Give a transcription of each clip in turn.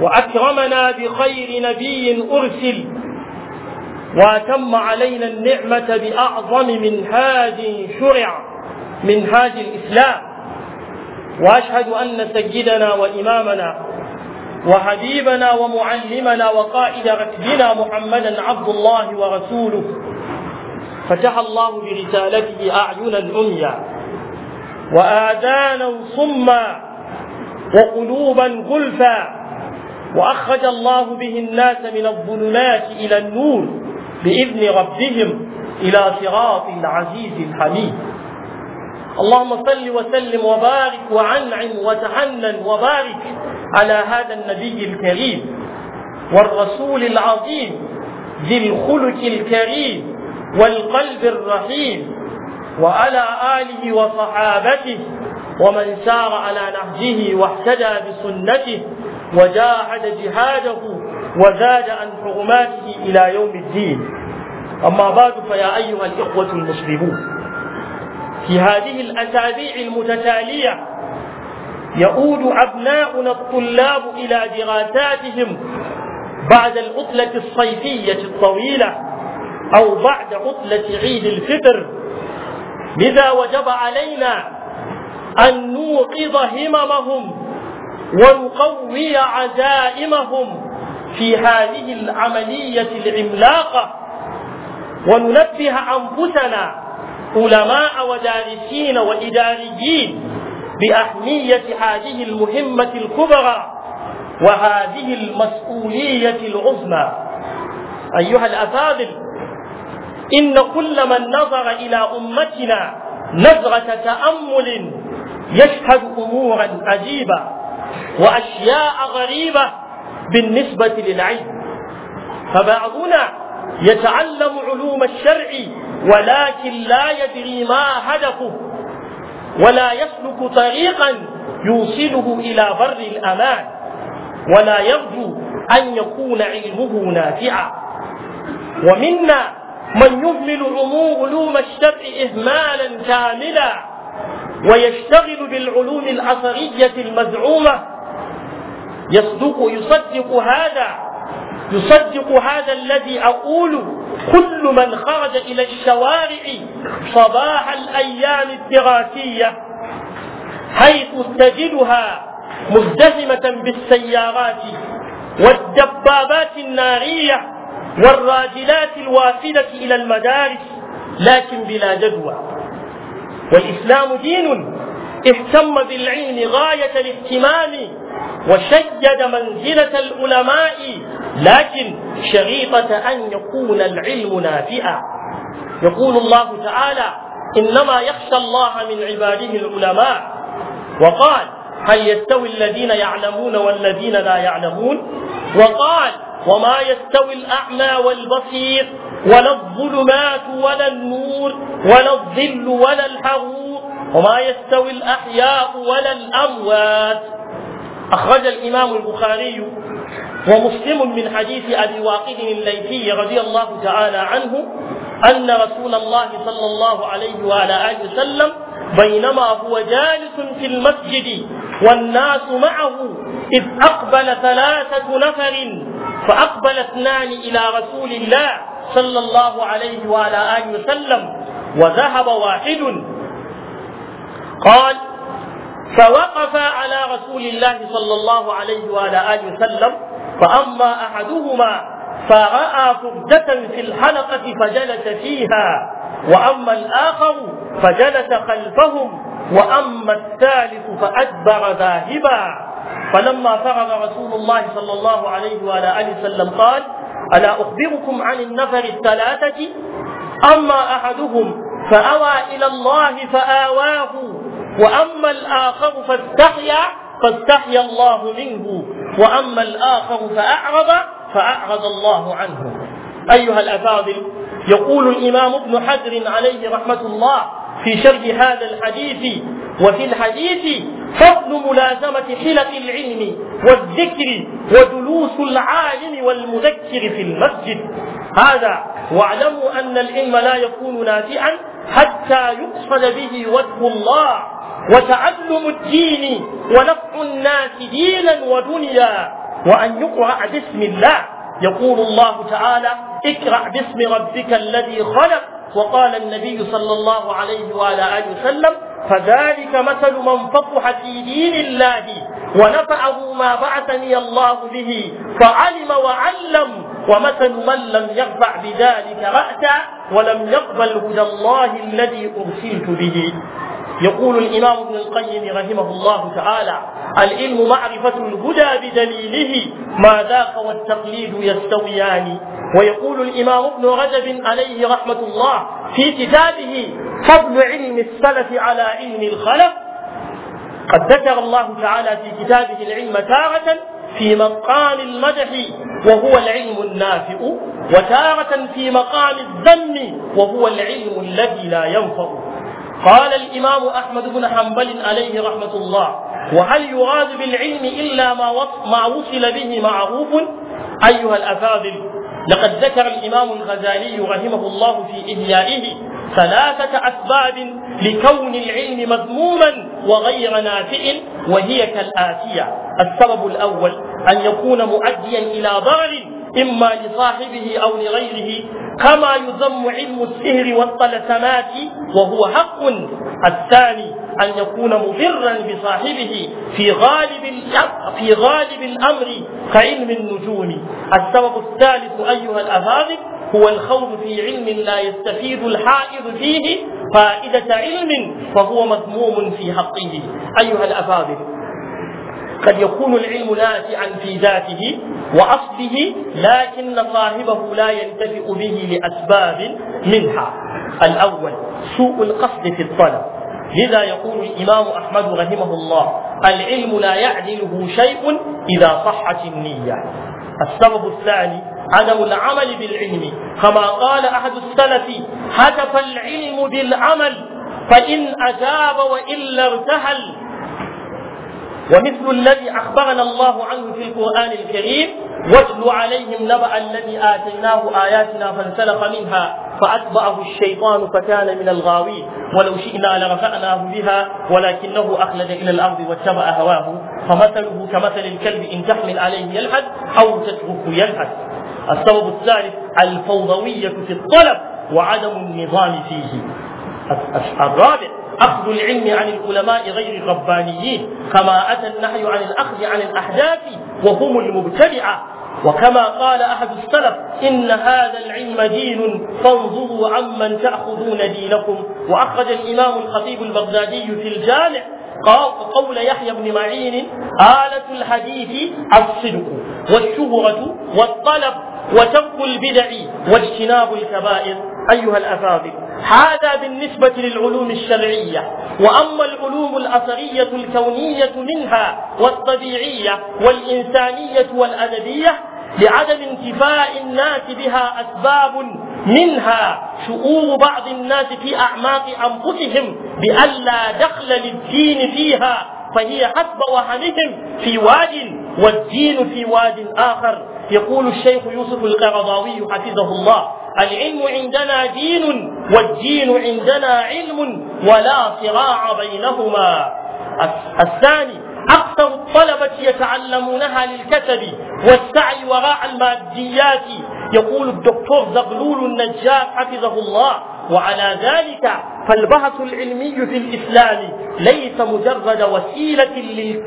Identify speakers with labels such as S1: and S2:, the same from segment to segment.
S1: وأكرمنا بخير نبي أرسل وأتم علينا النعمة بأعظم منهاج شرع منهاج الإسلام وأشهد أن سيدنا وإمامنا وحبيبنا ومعلمنا وقائد ركبنا محمدا عبد الله ورسوله فتح الله برسالته أعينا عميا وآذانا صما وقلوبا غلفا واخرج الله به الناس من الظلمات الى النور باذن ربهم الى صراط العزيز الحميد اللهم صل وسلم وبارك وعنعم وتحنن وبارك على هذا النبي الكريم والرسول العظيم ذي الخلق الكريم والقلب الرحيم وعلى اله وصحابته ومن سار على نهجه واهتدى بسنته وجاهد جهاده وزاد عن حرماته إلى يوم الدين أما بعد فيا أيها الإخوة المسلمون في هذه الأسابيع المتتالية يؤود أبناؤنا الطلاب إلى دراساتهم بعد العطلة الصيفية الطويلة أو بعد عطلة عيد الفطر لذا وجب علينا أن نوقظ هممهم ونقوي عزائمهم في هذه العملية العملاقة وننبه أنفسنا علماء ودارسين وإداريين بأهمية هذه المهمة الكبرى وهذه المسؤولية العظمى أيها الأفاضل إن كل من نظر إلى أمتنا نظرة تأمل يشهد أمورا عجيبة وأشياء غريبة بالنسبة للعلم فبعضنا يتعلم علوم الشرع ولكن لا يدري ما هدفه ولا يسلك طريقا يوصله إلى بر الأمان ولا يرجو أن يكون علمه نافعا ومنا من يهمل علوم الشرع إهمالا كاملا ويشتغل بالعلوم الأثرية المزعومة يصدق يصدق هذا يصدق هذا الذي أقول كل من خرج إلى الشوارع صباح الأيام الدراسية حيث تجدها مزدحمة بالسيارات والدبابات النارية والراجلات الوافدة إلى المدارس لكن بلا جدوى والإسلام دين اهتم بالعلم غاية الاهتمام وشيد منزلة العلماء لكن شريطة أن يكون العلم نافئا يقول الله تعالى إنما يخشى الله من عباده العلماء وقال هل يستوي الذين يعلمون والذين لا يعلمون وقال وما يستوي الأعمى والبصير ولا الظلمات ولا النور ولا الظل ولا الحرور وما يستوي الأحياء ولا الأموات أخرج الإمام البخاري ومسلم من حديث أبي واقد الليثي رضي الله تعالى عنه أن رسول الله صلى الله عليه وعلى آله وسلم بينما هو جالس في المسجد والناس معه إذ أقبل ثلاثة نفر فأقبل اثنان إلى رسول الله صلى الله عليه وعلى آله وسلم وذهب واحد قال فوقف على رسول الله صلى الله عليه وعلى آله وسلم فأما أحدهما فرأى فردة في الحلقة فجلس فيها وأما الآخر فجلس خلفهم وأما الثالث فأدبر ذاهبا فلما فرغ رسول الله صلى الله عليه وعلى آله وسلم قال ألا أخبركم عن النفر الثلاثة أما أحدهم فأوى إلى الله فآواه وأما الآخر فاستحيا فاستحيا الله منه وأما الآخر فأعرض فأعرض الله عنه أيها الأفاضل يقول الإمام ابن حجر عليه رحمة الله في شرح هذا الحديث وفي الحديث فضل ملازمة حلق العلم والذكر وجلوس العالم والمذكر في المسجد هذا واعلموا أن العلم لا يكون نافعا حتى يقصد به وجه الله وتعلم الدين ونفع الناس دينا ودنيا وأن يقرأ باسم الله يقول الله تعالى اقرأ باسم ربك الذي خلق وقال النبي صلى الله عليه وعلى آله وسلم فذلك مثل من فطح في دين الله ونفعه ما بعثني الله به فعلم وعلم ومثل من لم يرفع بذلك رأسا ولم يقبل هدى الله الذي أرسلت به يقول الإمام ابن القيم رحمه الله تعالى العلم معرفة الهدى بدليله ما ذاق والتقليد يستويان ويقول الإمام ابن رجب عليه رحمة الله في كتابه فضل علم السلف على علم الخلف قد ذكر الله تعالى في كتابه العلم تارة في مقام المدح وهو العلم النافع وتارة في مقام الذم وهو العلم الذي لا ينفع قال الإمام أحمد بن حنبل عليه رحمة الله وهل يراد بالعلم إلا ما ما وصل به معروف أيها الأفاضل لقد ذكر الإمام الغزالي رحمه الله في إحيائه ثلاثة أسباب لكون العلم مذموما وغير نافع وهي كالآتية السبب الأول أن يكون مؤديا إلى ضرر إما لصاحبه أو لغيره كما يذم علم السهر والطلسمات وهو حق الثاني أن يكون مضرا بصاحبه في غالب في غالب الأمر كعلم النجوم السبب الثالث أيها الأفاضل هو الخوض في علم لا يستفيد الحائض فيه فائدة علم فهو مذموم في حقه أيها الأفاضل قد يكون العلم نافعا في ذاته وأصله لكن صاحبه لا ينتفع به لأسباب منها الأول سوء القصد في الطلب لذا يقول الإمام أحمد رحمه الله العلم لا يعدله شيء إذا صحت النية السبب الثاني عدم العمل بالعلم كما قال أحد السلف هتف العلم بالعمل فإن أجاب وإلا ارتهل ومثل الذي أخبرنا الله عنه في القرآن الكريم واتل عليهم نبأ الذي آتيناه آياتنا فانسلخ منها فأتبعه الشيطان فكان من الغاوين ولو شئنا لرفعناه بها ولكنه أخلد إلى الأرض واتبع هواه فمثله كمثل الكلب إن تحمل عليه يلحد أو تتركه يلحد السبب الثالث الفوضوية في الطلب وعدم النظام فيه الرابع أخذ العلم عن العلماء غير الربانيين كما أتى النهي عن الأخذ عن الأحداث وهم المبتدعة وكما قال أحد السلف إن هذا العلم دين فانظروا عمن تأخذون دينكم وأخرج الإمام الخطيب البغدادي في الجامع قول يحيى بن معين آلة الحديث الصدق والشهرة والطلب وترك البدع واجتناب الكبائر أيها الأفاضل هذا بالنسبة للعلوم الشرعية وأما العلوم الأثرية الكونية منها والطبيعية والإنسانية والأدبية لعدم انتفاء الناس بها أسباب منها شعور بعض الناس في أعماق أنفسهم بألا دخل للدين فيها فهي حسب وهمهم في واد والدين في واد آخر يقول الشيخ يوسف القرضاوي حفظه الله العلم عندنا دين والدين عندنا علم ولا صراع بينهما الثاني أكثر الطلبة يتعلمونها للكسب والسعي وراء الماديات يقول الدكتور زغلول النجار حفظه الله وعلى ذلك فالبحث العلمي في الإسلام ليس مجرد وسيلة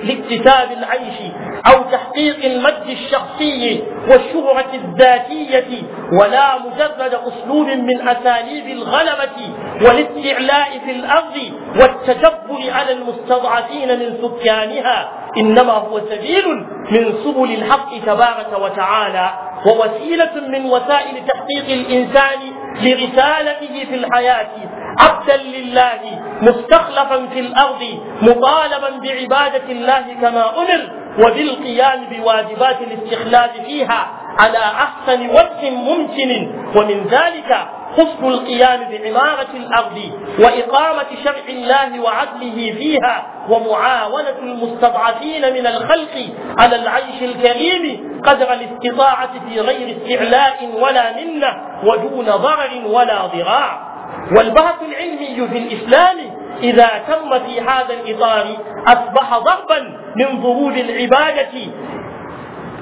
S1: لاكتساب العيش أو تحقيق المجد الشخصي والشهرة الذاتية ولا مجرد أسلوب من أساليب الغلبة والاستعلاء في الأرض والتجبر على المستضعفين من سكانها إنما هو سبيل من سبل الحق تبارك وتعالى ووسيلة من وسائل تحقيق الإنسان لرسالته في الحياة عبدا لله مستخلفا في الأرض مطالبا بعبادة الله كما أمر وبالقيام بواجبات الاستخلاف فيها على أحسن وجه ممكن ومن ذلك حسن القيام بعمارة الأرض وإقامة شرع الله وعدله فيها ومعاونة المستضعفين من الخلق على العيش الكريم قدر الاستطاعة في غير استعلاء ولا منة ودون ضرر ولا ضراع والبحث العلمي في الإسلام إذا تم في هذا الإطار أصبح ضربا من ضروب العبادة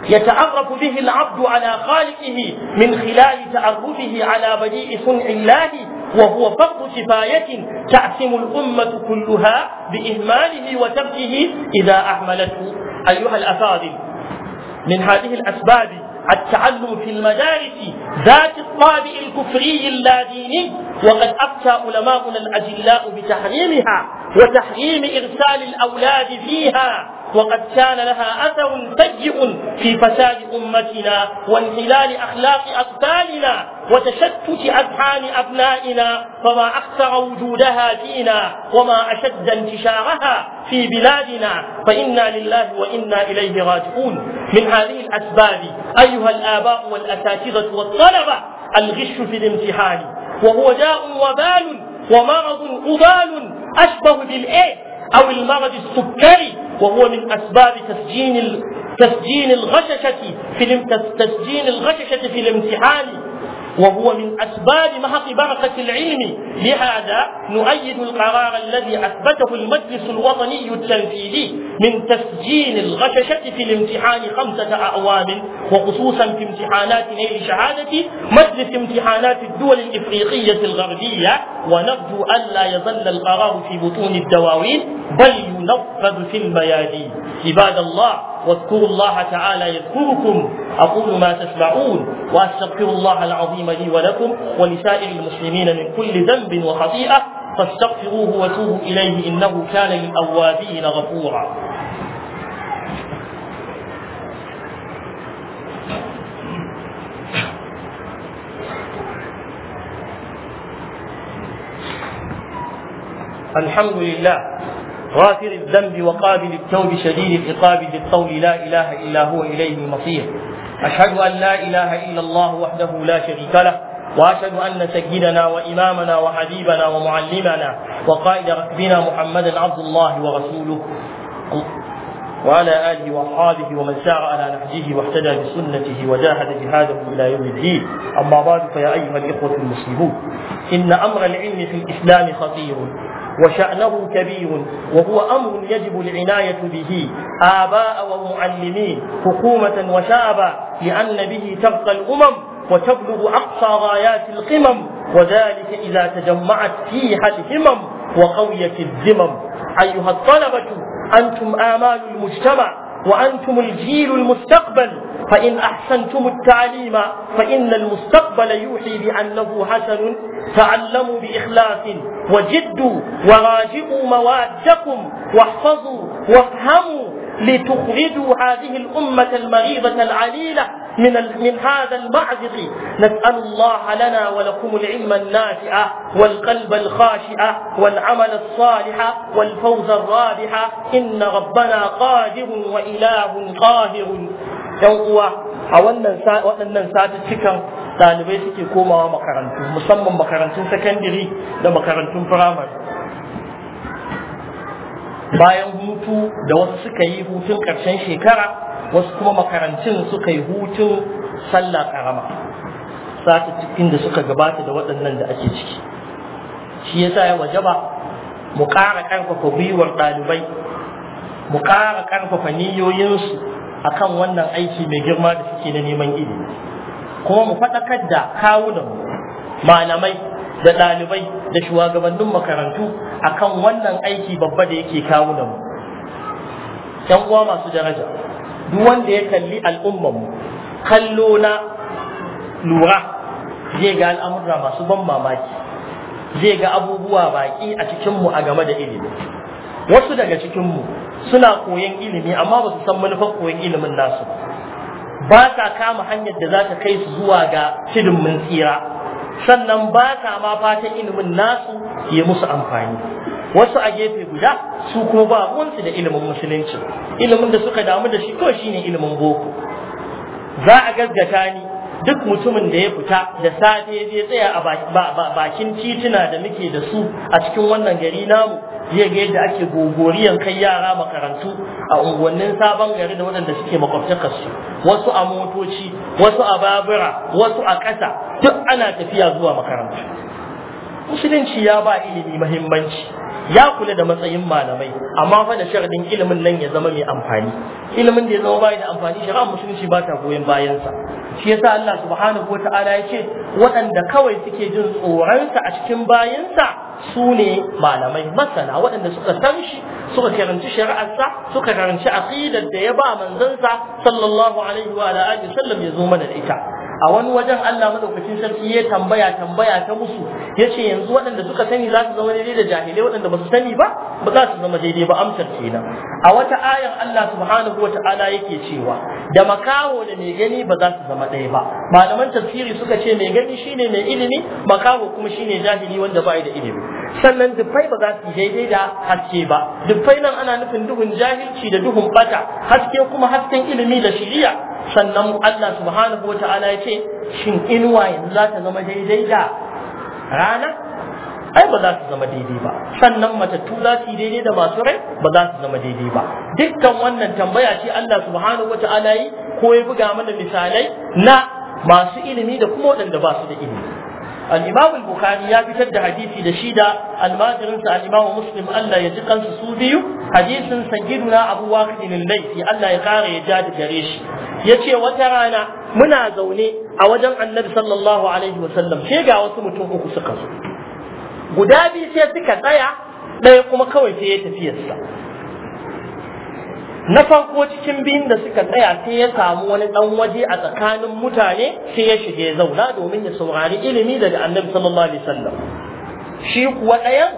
S1: يتعرف به العبد على خالقه من خلال تعرفه على بديء صنع الله وهو فرض كفاية تعتم الأمة كلها بإهماله وتركه إذا أهملته أيها الأفاضل من هذه الأسباب التعلم في المدارس ذات الطابع الكفري اللاديني وقد أفتى علماؤنا الأجلاء بتحريمها وتحريم إرسال الأولاد فيها وقد كان لها أثر سيء في فساد أمتنا وانحلال أخلاق أطفالنا وتشتت أذهان أبنائنا فما أكثر وجودها فينا وما أشد انتشارها في بلادنا فإنا لله وإنا إليه راجعون من هذه الأسباب أيها الآباء والأساتذة والطلبة الغش في الامتحان وهو داء وبال ومرض أضال أشبه بالإيه أو المرض السكري وهو من أسباب تسجين تسجين الغششة في تسجين الغششة في الامتحان وهو من أسباب محق بركة العلم لهذا نؤيد القرار الذي أثبته المجلس الوطني التنفيذي من تسجيل الغششة في الامتحان خمسة أعوام وخصوصا في امتحانات نيل شهادة مجلس امتحانات الدول الإفريقية الغربية ونرجو ألا يظل القرار في بطون الدواوين بل ينفذ في الميادين عباد الله واذكروا الله تعالى يذكركم أقول ما تسمعون وأستغفر الله العظيم لي ولكم ولسائر المسلمين من كل ذنب وخطيئة فاستغفروه وتوبوا إليه إنه كان للأوابين غفورا الحمد لله غافر الذنب وقابل التوب شديد العقاب بالقول لا اله الا هو اليه المصير اشهد ان لا اله الا الله وحده لا شريك له واشهد ان سيدنا وامامنا وحبيبنا ومعلمنا وقائد ركبنا محمدا عبد الله ورسوله وعلى آله وأصحابه ومن سار على نهجه واهتدى بسنته وجاهد جهاده إلى يوم الدين أما بعد فيا أيها الإخوة المسلمون إن أمر العلم في الإسلام خطير وشأنه كبير وهو أمر يجب العناية به آباء ومعلمين حكومة وشعبا لأن به تبقى الأمم وتبلغ أقصى غايات القمم وذلك إذا تجمعت فيها الهمم وقويت الذمم أيها الطلبة أنتم آمال المجتمع وأنتم الجيل المستقبل فإن أحسنتم التعليم فإن المستقبل يوحي بأنه حسن تعلموا بإخلاص وجدوا وراجعوا موادكم واحفظوا وافهموا لتخرجوا هذه الأمة المريضة العليلة من من هذا المعزق نسأل الله لنا ولكم العلم النافع والقلب الخاشع والعمل الصالح والفوز الرابح إن ربنا قادر وإله قاهر يوم a wannan waɗannan ɗalibai suke komawa makarantu musamman makarantun sakandiri da makarantun firamare bayan hutu da wasu suka yi hutun ƙarshen shekara wasu kuma makarantun suka yi hutun sallah karama sata cikin da suka gabata da waɗannan da ake ciki shi yasa ya wajaba mu ƙara ƙarfafa gwiwar ɗalibai mu ƙara ƙarfafa niyoyinsu kan wannan aiki mai girma da suke na neman ilimi kuma mu faɗakar da kawunan malamai da ɗalibai da shugabannin makarantu akan wannan aiki babba da yake kawunan mu uwa masu daraja duk wanda ya kalli al'ummar mu kallo na lura zai ga al'amura masu ban mamaki zai ga abubuwa baki a cikinmu a game da ilimi wasu daga cikin mu suna koyon ilimi amma ba su san manufar koyon ilimin nasu ba sa kama hanyar da za ta kai su zuwa ga mun tsira sannan ba sa ma fatan ilimin nasu ya musu amfani wasu a gefe guda su kuma ba ruwansu da ilimin musulunci ilimin da suka damu da shi ko shine ilimin boko za a gaggata ni duk mutumin da ya fita da safe zai tsaya a bakin tituna da muke da su a cikin wannan gari namu ya ga yadda ake gogoriyan kai yara makarantu a unguwannin sabon gari da waɗanda suke makwabtakar su wasu a motoci wasu a babura wasu a ƙasa duk ana tafiya zuwa makarantu musulunci ya ba ilimi mahimmanci ya kula da matsayin malamai amma fa da sharadin ilimin nan ya zama mai amfani ilimin da ya zama bai da amfani ran musulunci ba ta goyon bayansa shi yasa Allah subhanahu wata'ala ya ce waɗanda kawai suke jin tsoronsa a cikin bayansa su ne malamai masana waɗanda suka san shi suka karanci shari'arsa suka karanci aqidar da ya ba manzansa sallallahu alaihi wa alihi sallam ya zo mana da ita a wani wajen Allah madaukakin sarki ya tambaya tambaya ta musu yace yanzu waɗanda suka sani za su zama daidai da jahilai waɗanda ba su sani ba ba za su zama daidai ba amsar kenan a wata ayan Allah subhanahu wa ta'ala yake cewa da makaho da mai gani ba za su zama ɗaya ba malaman tafsiri suka ce mai gani shine mai ilimi makaho kuma shine jahili wanda ba da ilimi sannan dufai ba za su daidai da haske ba duffai nan ana nufin duhun jahilci da duhun bata haske kuma hasken ilimi da shiriya sannan Allah subhanahu wa ta'ala ya ce shin inuwa yanzu za ta zama daidai da rana ai ba za su zama daidai ba sannan matattu za yi daidai da masu rai ba za su zama daidai ba dukkan wannan tambaya ce Allah subhanahu wata'ala yi ko ya buga mana misalai na masu ilimi da kuma waɗanda ba su da ilimi al-imam bukhari ya fitar da hadisi da shida al-madirin sa al Allah ya ji kansu su biyu hadisin sayyiduna abu waqid al-laythi Allah ya kara ya ja da gare shi Ya ce wata rana muna zaune a wajen annabi sallallahu alaihi wasallam sai ga wasu mutum uku suka zo guda biyu sai suka tsaya ɗaya kuma kawai sai ya tafiyarsa na farko cikin biyun da suka tsaya sai ya samu wani ɗan waje a tsakanin mutane sai ya shige ya zauna domin ya saurari ilimi daga annabi sallallahu alaihi wasallam shi kuwa ɗayan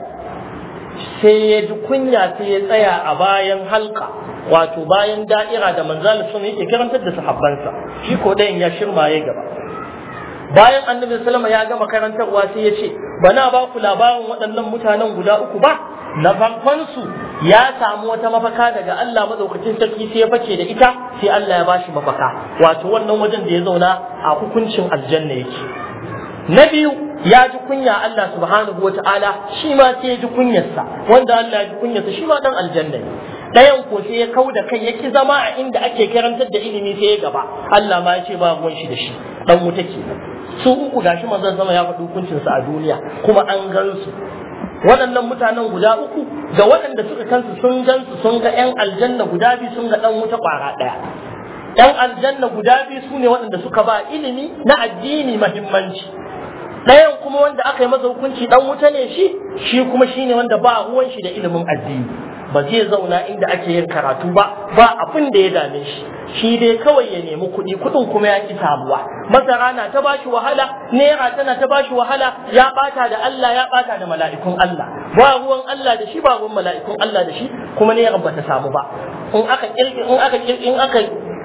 S1: sai ya ji kunya sai ya tsaya a bayan halka wato bayan da'ira da manzalin sun yake karantar da sahabbansa shi ko ɗayan ya shirma ya gaba bayan annabi sallama ya gama karantarwa sai ya ce bana ba ku labarin waɗannan mutanen guda uku ba na farkon su ya samu wata mafaka daga Allah madaukakin sarki sai ya face da ita sai Allah ya bashi mafaka wato wannan wajen da ya zauna a hukuncin aljanna yake na biyu ya ji kunya Allah subhanahu wa ta'ala shi ma sai ya ji kunyarsa wanda Allah ya ji kunyarsa shi ma dan aljanna ne ɗayan ko sai ya kau da kai ya zama a inda ake karantar da ilimi sai ya gaba Allah ma ya ce ba ruwan shi da shi dan wuta ke su uku gashi manzon zama ya faɗi hukuncin su a duniya kuma an gan su waɗannan mutanen guda uku ga waɗanda suka kansu sun gan su sun ga ƴan aljanna guda biyu sun ga ɗan wuta ƙwara ɗaya ƴan aljanna guda biyu su ne waɗanda suka ba ilimi na addini mahimmanci ɗayan kuma wanda aka yi maza hukunci ɗan wuta ne shi shi kuma shi ne wanda ba ruwan shi da ilimin addini ba zai zauna inda ake yin karatu ba ba abin da ya dame shi shi dai kawai ya nemi kuɗi kuɗin kuma ya ki samuwa masara na ta bashi wahala naira tana ta bashi wahala ya bata da Allah ya ɓata da mala'ikun Allah ba ruwan Allah da shi ba ruwan mala'ikun Allah da shi kuma naira ba ta samu ba in aka in aka in aka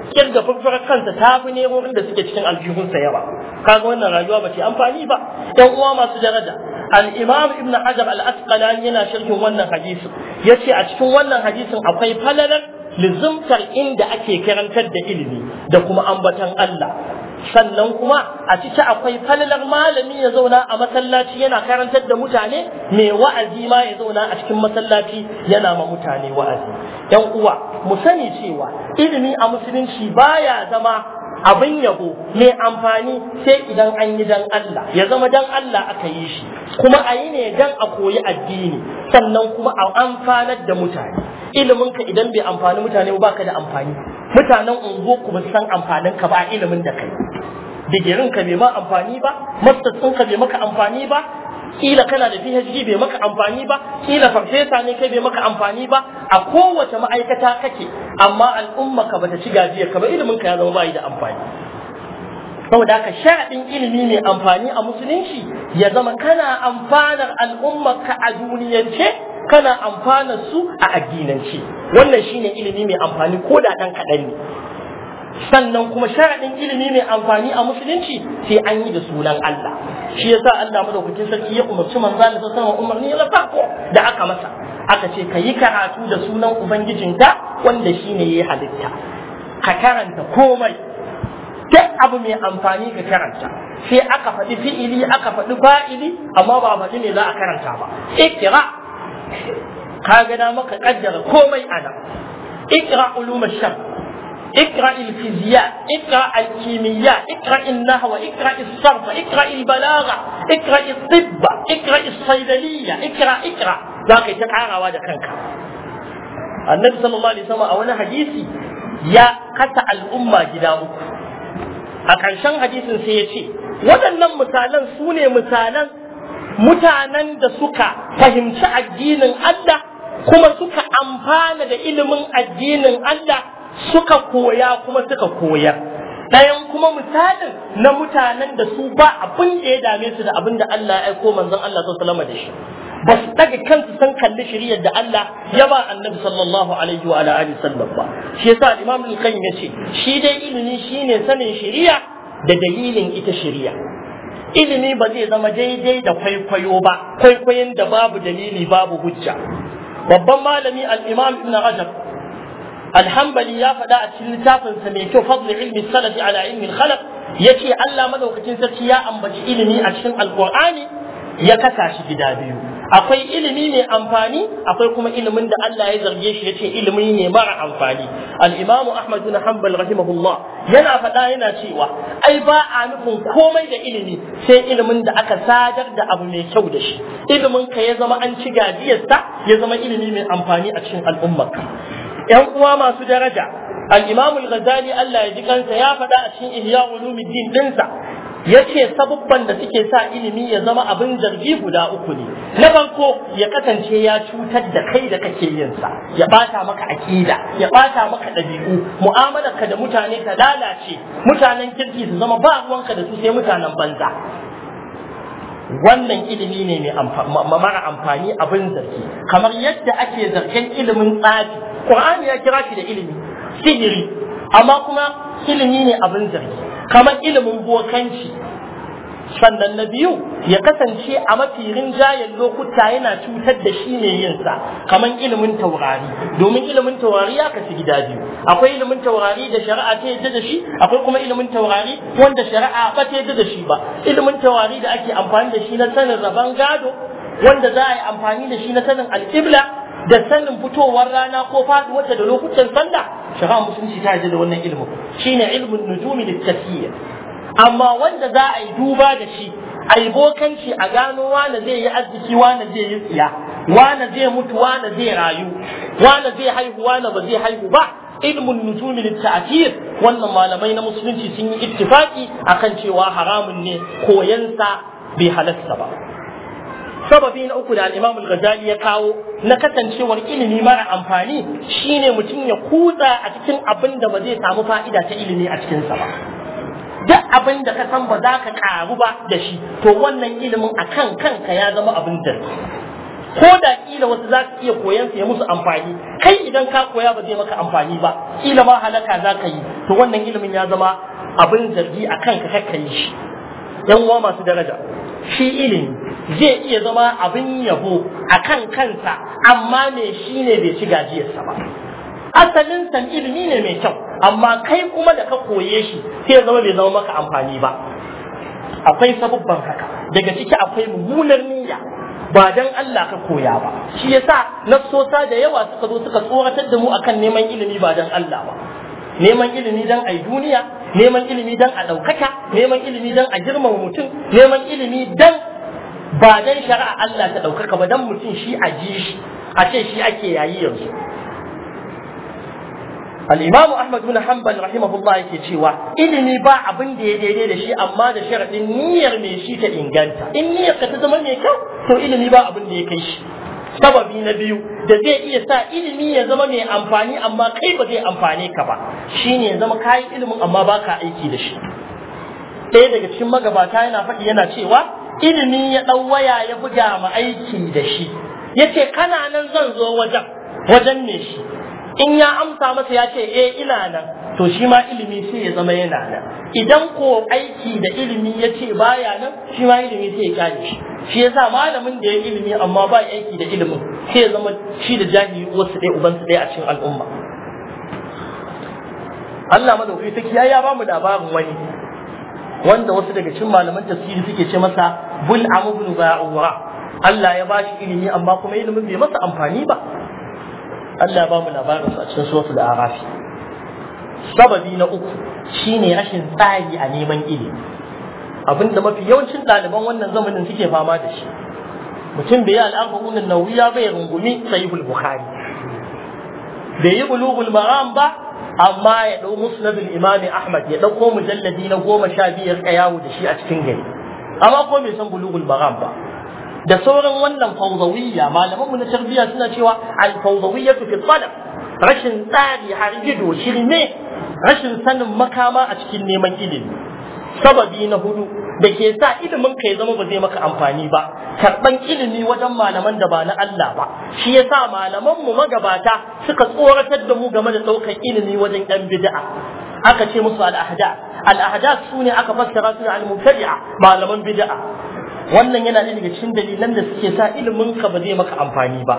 S1: kirga furfurar kansa ta fi nemomin da suke cikin aljihunsa yawa kaga wannan rayuwa ba ce amfani ba ɗan uwa masu daraja al-imam ibn hajar al-asqalani yana sharhin wannan hadisin ce a cikin wannan hadisin akwai falalar lizumtar inda ake karantar da ilimi da kuma ambatan Allah sannan kuma a ciki akwai falalar malami ya zauna a masallaci yana karantar da mutane mai wa'azi ma ya zauna a cikin masallaci yana ma mutane wa'azi yan uwa mu sani cewa ilimi a musulunci baya zama abin yabo mai amfani sai idan an yi dan Allah ya zama dan Allah aka yi shi kuma a yi ne dan a koyi addini sannan kuma a amfanar da mutane Ilimin ka idan bai amfani mutane ba ka da amfani mutanen unguwarku ba san amfanin ka ba ilimin da kai digirin ka bai ma amfani ba masters ka bai maka amfani ba kila kana da PhD bai maka amfani ba kila farfesa ne kai bai maka amfani ba a kowace ma'aikata kake amma al'umma ka bata ci gajiya, ka ba ilimin ka ya zama bai da amfani saboda haka sha'adin ilimi mai amfani a musulunci ya zama kana amfanar al'ummar ka a duniyance kana amfanar su a addinance wannan shine ilimi mai amfani ko da dan kaɗan ne sannan kuma sharaɗin ilimi mai amfani a musulunci sai an yi da sunan Allah shi yasa Allah madaukakin sarki ya umarci manzo Allah sallallahu umarni na farko da aka masa aka ce ka yi karatu da sunan ubangijinka wanda shine yayi halitta ka karanta komai duk abu mai amfani ka karanta sai aka faɗi fi'ili aka faɗi fa'ili amma ba a faɗi me za a karanta ba ikra ka ga maka kaddara komai a nan ikra ulumar shar اقرأ الفيزياء اقرأ الكيمياء اقرأ النحو اقرأ الصرف اقرأ البلاغة اقرأ الطب اقرأ الصيدلية اقرأ اقرأ ذاك تقعر وادا كنك النبي صلى الله عليه وسلم أولا حديثي يا قطع الأمة جداؤك أكرشان حديث سيتي waɗannan misalan su ne misalan mutanen da suka fahimci addinin Allah kuma suka amfana da ilimin addinin Allah suka koya kuma suka koyar ɗayan kuma misalin na mutanen da su ba abin da ya dame su da abin da Allah ya aiko manzon Allah sallallahu alaihi da shi ba su daga kansu san kalli shiriyar da Allah ya ba annabi sallallahu alaihi wa alihi sallam ba shi yasa imam al-qayyim yace shi dai ilimi shine sanin shiriya da dalilin ita shiriya. ilimi ba zai zama daidai da kwaikwayo ba kwaikwayon da babu dalili babu hujja babban malami al-imam ibn rajab alhambali ya faɗa a cikin littafinsa mai kyau fadl ilmi salafi ala ilmi khalaq yace Allah maɗaukacin sarki ya ambaci ilimi a cikin alqur'ani ya kasa shi gida biyu akwai ilimi mai amfani akwai kuma ilimin da Allah ya zarge shi ya ce ilimi ne mara amfani al-Imam Ahmad bin Hanbal rahimahullah yana faɗa yana cewa ai ba a nufin komai da ilimi sai ilimin da aka sadar da abu mai kyau da shi ilimin ka ya zama an ci gajiyarsa ya zama ilimi mai amfani a cikin al'ummarka yan uwa masu daraja al-imam ghazali Allah ya ji kansa ya faɗa a cikin ihya ulumuddin Ya ce sabubban da suke sa ilimi ya zama abin zargi guda uku ne na farko ya kasance ya cutar da kai da kake yinsa. ya bata maka akida ya ɓata maka dabi'u mu'amalarka da mutane ta lalace mutanen kirki su zama ba ruwanka da su sai mutanen banza wannan ilimi ne mai mara amfani abin zargi kamar yadda ake zargin ilimin tsafi Qur'ani ya kira shi da ilimi sihiri amma kuma ilimi ne abin zargi kamar ilimin bokanci sannan na biyu ya kasance a mafirin jayen lokuta yana cutar da shi ne yinsa kamar ilimin taurari domin ilimin taurari ya kasu gida biyu akwai ilimin taurari da shari'a ta yadda da shi akwai kuma ilimin taurari wanda shari'a ba ta yadda da shi ba ilimin taurari da ake amfani da shi na sanin rabon gado wanda za a yi amfani da shi na sanin alƙibla da sanin fitowar rana ko faduwarta da lokutan sallah shari'a musulunci ta yarda da wannan ilimin shine ilmin nujumi littafiyya amma wanda za a yi duba da shi a yi bokanci a gano wane zai yi arziki wane zai yi tsiya wane zai mutu wane zai rayu wane zai haihu wane ba zai haihu ba ilmin nujumi littafiyya wannan malamai na musulunci sun yi ittifaki akan cewa haramun ne koyansa bai halasta ba sababi na uku da al-Imam al-Ghazali ya kawo na kasancewar ilimi mara amfani shine mutum ya kutsa a cikin abin da ba zai samu fa'ida ta ilimi a cikinsa sa ba duk abin da ka san ba za ka karu ba da shi to wannan ilimin akan kanka ya zama abin da ko da kila wasu za su iya koyan su ya musu amfani kai idan ka koya ba zai maka amfani ba ƙila ma halaka za ka yi to wannan ilimin ya zama abin zargi a kanka kakka shi yan uwa masu daraja shi ilimi zai iya zama abin yabo a kan kansa amma me shi ne bai ci gajiyarsa ba asalin san ilimi ne mai kyau amma kai kuma da ka koye shi sai zama bai zama maka amfani ba akwai sabubban haka daga ciki akwai mummunar niyya ba dan Allah ka koya ba shi yasa nafsosa da yawa suka zo suka tsoratar da mu akan neman ilimi ba dan Allah ba neman ilimi dan ai duniya neman ilimi dan a ɗaukaka neman ilimi dan a girmama mutum neman ilimi dan ba dan shari'a Allah ta ɗaukaka ba don mutum shi a ji shi a ce shi ake yayi yanzu al-imam Ahmad bin Hanbal rahimahullah yake cewa ilimi ba abin da ya daidai da shi amma da sharadin niyyar mai shi ta inganta in niyyar ka ta zama mai kyau to ilimi ba abin da ya kai shi sababi na biyu da zai iya sa ilimi ya zama mai amfani amma kai ba zai amfane ka ba ne ya zama kayi ilimin amma baka aiki da shi ɗaya daga cikin magabata yana faɗi yana cewa ilimi ya ɗau waya ya buga ma aiki da shi ya ce kana nan zan zo wajen wajen ne shi in ya amsa masa ya ce e ina nan to shi ma ilimi sai ya zama yana nan idan ko aiki da ilimi ya ce baya nan shi ma ilimi sai ya kyale shi shi ya sa malamin da ya ilimi amma ba aiki da ilimin sai ya zama shi da jahili wasu ɗaya uban su ɗaya a cikin al'umma Allah madaukai ta kiyaye ya bamu labarin wani wanda wasu daga cikin malaman tafsiri suke ce masa bul amubnu ba'ura Allah ya bashi ilimi amma kuma ilimin bai masa amfani ba Allah ya ba mu labarin su a cikin suratul arafi sababi na uku shine rashin tsari a neman ilimi abinda mafi yawancin ɗaliban wannan zamanin suke fama da shi mutum bai yi al'arba'unan nawiya bai rungumi sahihul bukhari bai yi bulughul maram ba amma ya ɗau musnadul imami ahmad ya ɗauko mujalladi na goma sha biyar yawo da shi a cikin gari amma ko bai san bulugul maram ba da sauran wannan fawzawiyya malaman mu na tarbiyya suna cewa al fawzawiyyatu fi talab rashin tsari har gido shirme rashin sanin makama a cikin neman ilimi sababi na hudu da ke sa ilimin ka ya zama ba zai maka amfani ba karban ilimi wajen malaman da ba na Allah ba shi yasa malaman mu magabata suka tsoratar da mu game da ɗaukar ilimi wajen ɗan bid'a aka ce musu al-ahda al su ne aka fassara su al-mubtadi'a malaman bid'a wannan yana ne daga cikin dalilan da suke sa ilimin ka ba zai maka amfani ba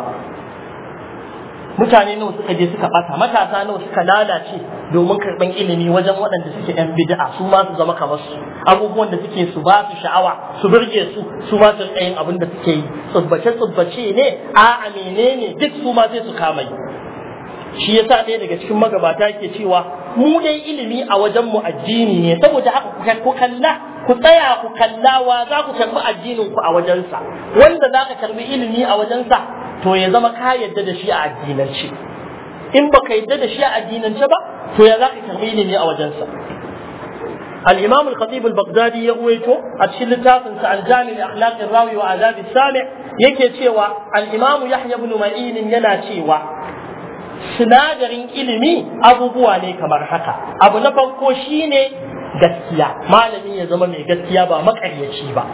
S1: mutane nawa suka je suka bata matasa nawa suka lalace domin karban ilimi wajen waɗanda suke yan bid'a su ma su zama kamar su abubuwan da suke su ba su sha'awa su burge su su ma su rika yin abin da suke yi tsubbace tsubbace ne a menene duk su ma sai su kama yi shi yasa ɗaya daga cikin magabata ke cewa mu dai ilimi a wajen mu addini ne saboda haka ku kalla ku tsaya ku kallawa za ku karbi addinin ku a wajensa wanda za ka karbi ilimi a wajensa to ya zama ka yadda da shi a addinance in baka yadda da shi a addinance ba to ya zaka karbi ne a wajensa الإمام الخطيب البغدادي يغويته أتشل تاسن عن جامع الأخلاق الراوي وعذاب yake cewa al الإمام Yahya بن معين yana cewa sinadarin ilimi abubuwa ne kamar haka abu na farko shine gaskiya malamin ya zama mai gaskiya ba makaryaci ba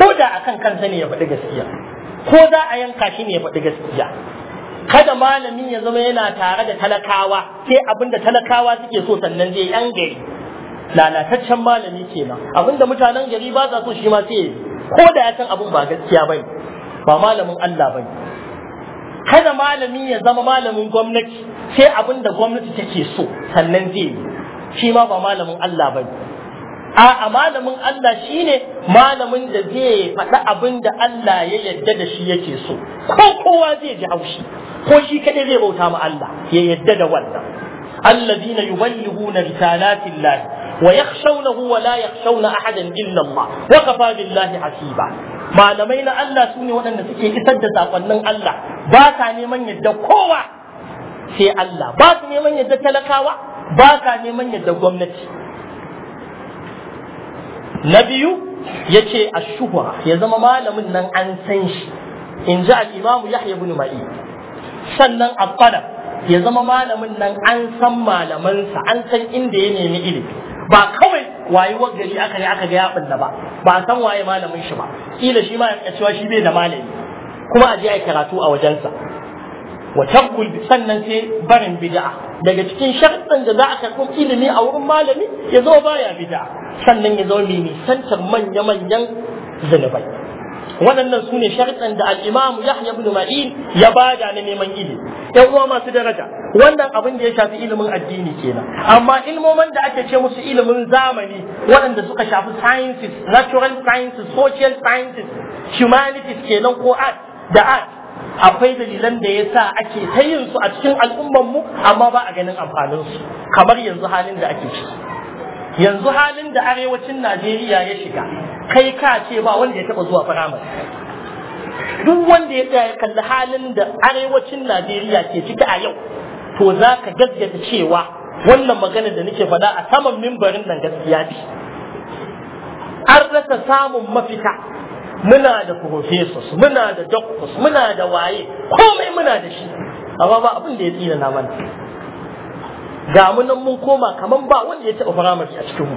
S1: ko da akan kansa ne ya faɗi gaskiya ko za a yanka shi ne ya faɗi gaskiya kada malamin ya zama yana tare da talakawa sai abinda talakawa suke so sannan zai yan gari lalataccen malami Abin abinda mutanen gari ba sa so shi ma sai ko da ya san abin ba gaskiya ne. ba malamin Allah bane kada malami ya zama malamin gwamnati sai abinda gwamnati take so sannan zai shi ma ba malamin Allah ne a'a malamin Allah shine malamin da zai faɗi abin da Allah ya yadda da shi yake so ko kowa zai ji haushi ko shi kaɗai zai bauta ma Allah ya yadda da wannan alladhina yuballighuna risalati Allah wa na wa la yakhshawna ahadan illa Allah wa kafa billahi hasiba malamai na Allah sune waɗanda suke isar da sakonnin Allah ba sa neman yadda kowa sai Allah ba su neman yadda talakawa ba sa neman yadda gwamnati na biyu ya ce a shuhura ya zama malamin nan an san shi in ji al'imamu yahya bin ma'i sannan a fada ya zama malamin nan an san malamansa an san inda ya nemi ilimi ba kawai wayewar gari aka yi aka ga ya ba? ba ba san waye malamin shi ba kila shi ma ya cewa shi bai da malami kuma a je a karatu a wajensa wa tarkul sannan sai barin bid'a daga cikin sharuɗan da za a ilimi a wurin malami ya zo baya bida'a sannan ya zo mai nisantar manya-manyan zunubai waɗannan su ne sharuɗan da al'imam yahya ibn ma'in ya bada na neman ilimi yan uwa masu daraja wannan abin da ya shafi ilimin addini kenan amma ilmomin da ake ce musu ilimin zamani waɗanda suka shafi sciences natural sciences social sciences humanities kenan ko art da art akwai dalilan da ya sa ake ta yin su a cikin mu amma ba a ganin amfanin kamar yanzu halin da ake ciki yanzu halin da arewacin najeriya ya shiga kai ka ce ba wanda ya taba zuwa firamare duk wanda ya tsaya kalli halin da arewacin najeriya ke ciki a yau to za ka gaggata cewa wannan magana da nake faɗa a saman mimbarin nan gaskiya ce an rasa samun mafita muna da professors muna da doctors muna da waye komai muna da shi amma ba abin da ya tsira na mana ga mu nan mun koma kaman ba wanda ya taba firamare a cikin mu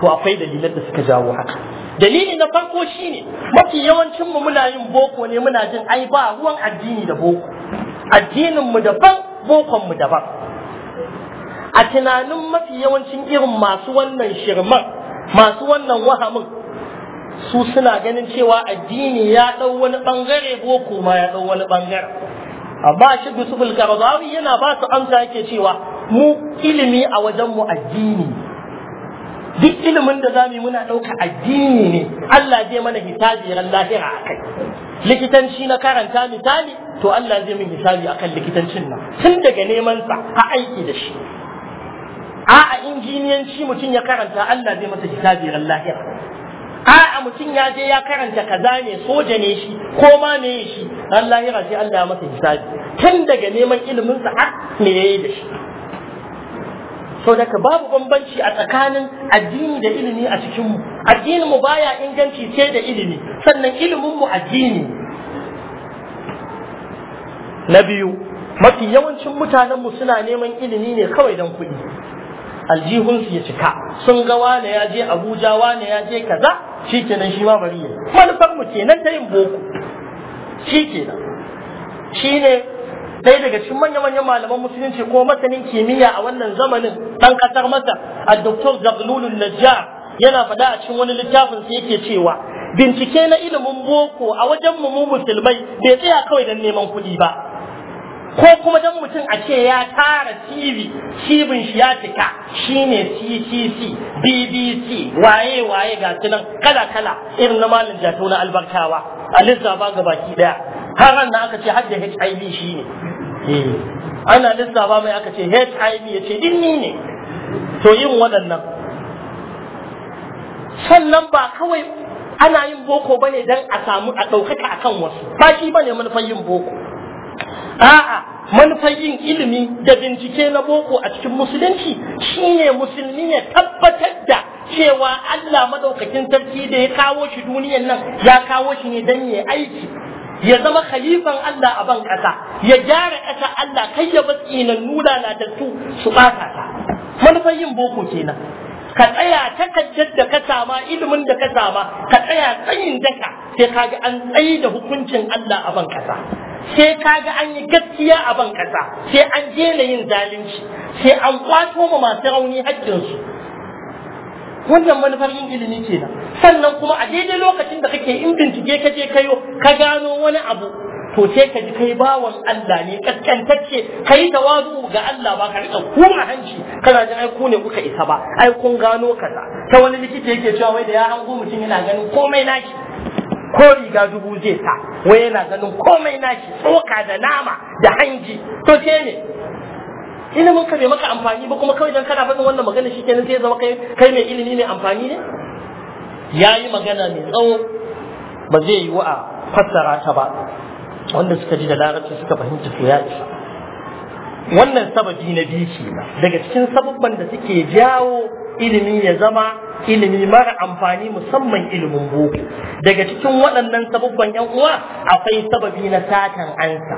S1: to akwai dalilan da suka jawo haka dalili na farko shine mafi yawancin mu muna yin boko ne muna jin ai ba ruwan addini da boko addinin mu daban bokon mu daban a tunanin mafi yawancin irin masu wannan shirman masu wannan wahamin su suna ganin cewa addini ya ɗau wani ɓangare boko ma ya ɗau wani ɓangare amma shi yusuful karzawi yana ba su amsa yake cewa mu ilimi a wajen mu addini duk ilimin da zamu muna ɗauka addini ne Allah zai mana hisabi ran lahira akai likitanci na karanta misali to Allah zai min hisabi akan likitancin nan tun daga neman sa a aiki da shi a'a injiniyanci mutum ya karanta Allah zai masa hisabi lahira mutum ya je ya karanta kaza ne soja ne shi ko ma ne shi an lahira sai Allah ya masa hisabi tun daga neman ilimin sa har me yayi da shi so daga babu bambanci a tsakanin addini da ilimi a cikin mu addinin mu baya inganci sai da ilimi sannan ilimin mu addini na biyu mafi yawancin mutanen mu suna neman ilimi ne kawai don kuɗi aljihun su ya cika sun ga wane ya je Abuja wane ya je kaza shikenan shi ma bari ya manufar mu kenan ta yin boko Shi ne, ɗaya daga cikin manya-manyan malaman musulunci ko masanin kimiyya a wannan zamanin ɗan ƙasar masa a Dr. Zaglulun Najjar yana faɗa a cikin wani littafin sa yake cewa bincike na ilimin boko a wajen mu musulmai bai tsaya kawai don neman kuɗi ba ko kuma dan mutum a ce ya tara TV cibin shi ya cika shi ne CCC BBC waye waye ga nan kala kala irin na malin jato na albarkawa a ba ga baki daya har nan aka ce hadda HIV shine ne. Eh, ana lissafa mai aka ce HIV ya ce dinni ne to yin waɗannan sannan ba kawai ana yin boko bane don a samu a ɗaukaka akan wasu ba shi bane manufan yin boko a'a manufar yin ilimi da bincike na boko a cikin musulunci shine musulmi ya tabbatar da cewa Allah madaukakin sarki da ya kawo shi duniyan nan ya kawo shi ne dan ya aiki ya zama khalifan Allah a ban ƙasa, ya gyara kasa Allah kai ya batsi na nuna na da su su ta manufar yin boko kenan ka tsaya takaddar da ka sama ilimin da ka sama ka tsaya tsayin daka sai ka ga an tsayi da hukuncin Allah a ban ƙasa. sai kaga an yi gaskiya a ban kasa sai an daina yin zalunci sai an kwato ma masu rauni haƙƙinsu wannan manufar yin ilimi kenan sannan kuma a daidai lokacin da kake in bincike ka je kayo ka gano wani abu to sai ka ji kai bawan Allah ne kaskantacce kai tawazu ga Allah ba ka rika kuma hanci kana jin ai ku ne kuka isa ba ai kun gano kaza ta wani likita yake cewa wai da ya hango mutum yana ganin komai nashi ko riga dubu zai sa wai yana ganin komai na shi tsoka da nama da hanji to ke ne ilimin ka bai maka amfani ba kuma kawai dan kana faɗin wannan magana kenan sai zama kai kai mai ilimi mai amfani ne yayi magana mai tsawo ba zai yi wa a fassara ta ba wanda suka ji da larabci suka fahimta to ya wannan sababi na biyu kenan daga cikin sababban da suke jawo ilimi ya zama ilimi mara amfani musamman ilimin boko daga cikin waɗannan sabubban yan uwa akwai sababi na satan ansa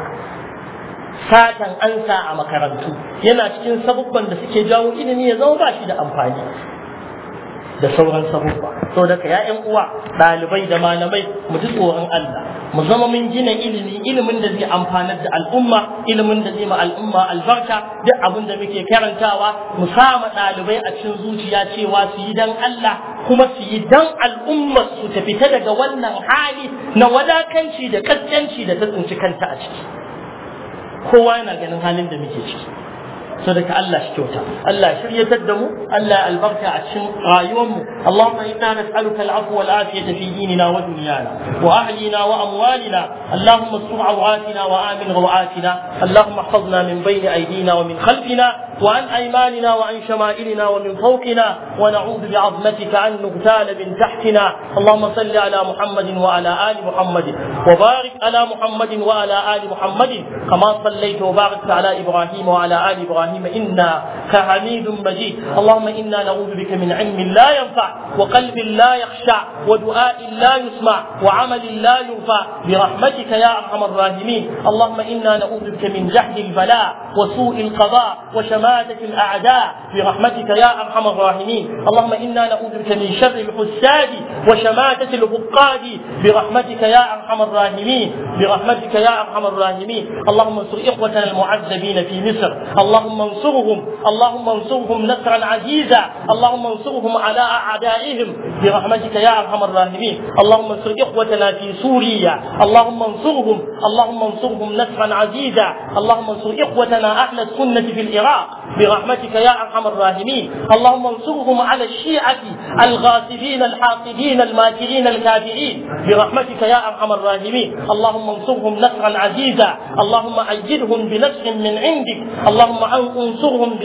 S1: satan ansa a makarantu yana cikin sababban da suke jawo ilimi ya zama ba shi da amfani da sauran sababba to da ya'yan uwa ɗalibai da malamai mu ji tsoron Allah mu zama mun gina ilimi ilimin da zai amfanar da al'umma ilimin da zai ma al'umma albarka duk abin da muke karantawa mu sama ɗalibai a cikin zuciya cewa su yi dan Allah kuma su yi dan al'umma, su tafi ta daga wannan hali na wadakanci da kaskanci da ta tsinci kanta a ciki kowa yana ganin halin da muke ciki sadaka Allah shi kyauta Allah shiryatar da mu Allah albarka a cikin rayuwar mu Allahumma inna nas'aluka al'afwa wal afiyata fi dinina wa dunyana wa ahlina wa amwalina Allahumma sur awatina wa amin ghawatina Allahumma ihfazna min bayni aydina wa min khalfina wa an aymanina wa an shama'ilina wa min fawqina wa na'udhu 'azmatika an nughtal min tahtina Allahumma salli ala Muhammadin wa ala ali Muhammadin wa barik ala Muhammadin wa ala ali Muhammadin kama sallaita wa barakta ala Ibrahim wa ala ali Ibrahim إبراهيم إنا كحميد مجيد اللهم إنا نعوذ بك من علم لا ينفع وقلب لا يخشع ودعاء لا يسمع وعمل لا يرفع برحمتك يا أرحم الراحمين اللهم إنا نعوذ بك من جهل البلاء وسوء القضاء وشماتة الأعداء برحمتك يا أرحم الراحمين اللهم إنا نعوذ بك من شر الحساد وشماتة البقاد برحمتك يا أرحم الراحمين برحمتك يا أرحم الراحمين اللهم انصر إخوتنا المعذبين في مصر اللهم اللهم انصرهم اللهم انصرهم نصرا عزيزا اللهم انصرهم على أعدائهم برحمتك يا أرحم الراحمين اللهم انصر إخوتنا في سوريا اللهم انصرهم اللهم انصرهم نصرا عزيزا اللهم انصر إخوتنا أهل السنة في العراق برحمتك يا أرحم الراحمين اللهم انصرهم على الشيعة الغاصبين الحاقدين الماكرين الكافرين برحمتك يا أرحم الراحمين اللهم انصرهم نصرا عزيزا اللهم أيدهم بنصر من عندك اللهم انصرهم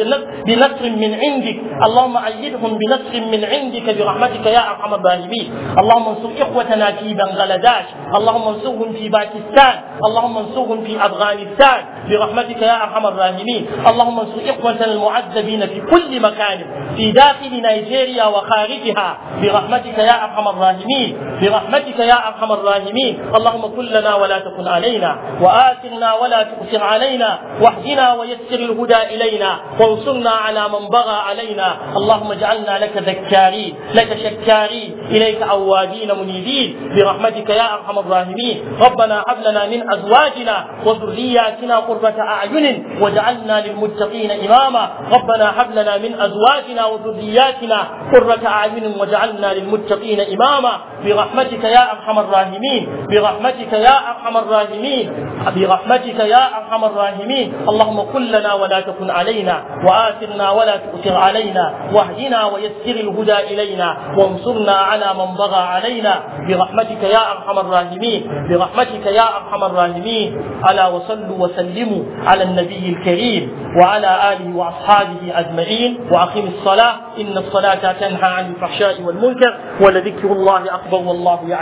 S1: بنصر من عندك اللهم أيدهم بنصر من عندك برحمتك يا أرحم الراحمين اللهم انصر إخوتنا في بنغلاديش اللهم انصرهم في باكستان اللهم انصرهم في أفغانستان برحمتك يا أرحم الراحمين اللهم انصر إخوتنا المعذبين في كل مكان في داخل نيجيريا وخارجها برحمتك يا أرحم الراحمين برحمتك يا أرحم الراحمين اللهم كن لنا ولا تكن علينا وآثرنا ولا تؤثر علينا واهدنا ويسر الهدى إلينا وانصرنا على من بغى علينا اللهم اجعلنا لك ذكارين لك شكارين إليك أوابين منيبين برحمتك يا أرحم الراحمين ربنا هب لنا من أزواجنا وذرياتنا قرة أعين واجعلنا للمتقين إماما ربنا هب لنا من أزواجنا وذرياتنا قرة أعين واجعلنا للمتقين إماما برحمتك يا أرحم الراحمين برحمتك يا أرحم الراحمين برحمتك يا أرحم الراحمين اللهم كن لنا ولا تكن تكن علينا وآثرنا ولا تؤثر علينا واهدنا ويسر الهدى إلينا وانصرنا على من بغى علينا برحمتك يا أرحم الراحمين برحمتك يا أرحم الراحمين ألا وصلوا وسلموا على النبي الكريم وعلى آله وأصحابه أجمعين وأقم الصلاة إن الصلاة تنهى عن الفحشاء والمنكر ولذكر الله أكبر والله يعلم